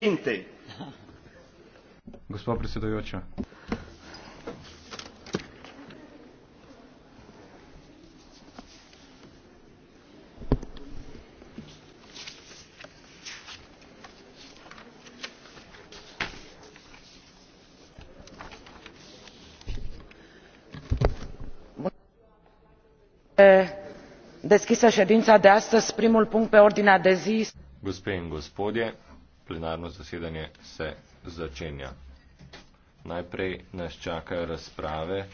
in tej. Gospod predsedujoča. E, deschisă ședința de astăzi primul punct pe ordinea de zi. gospe in gospodje plenarno zasedanje se začenja. Najprej nas čakajo razprave.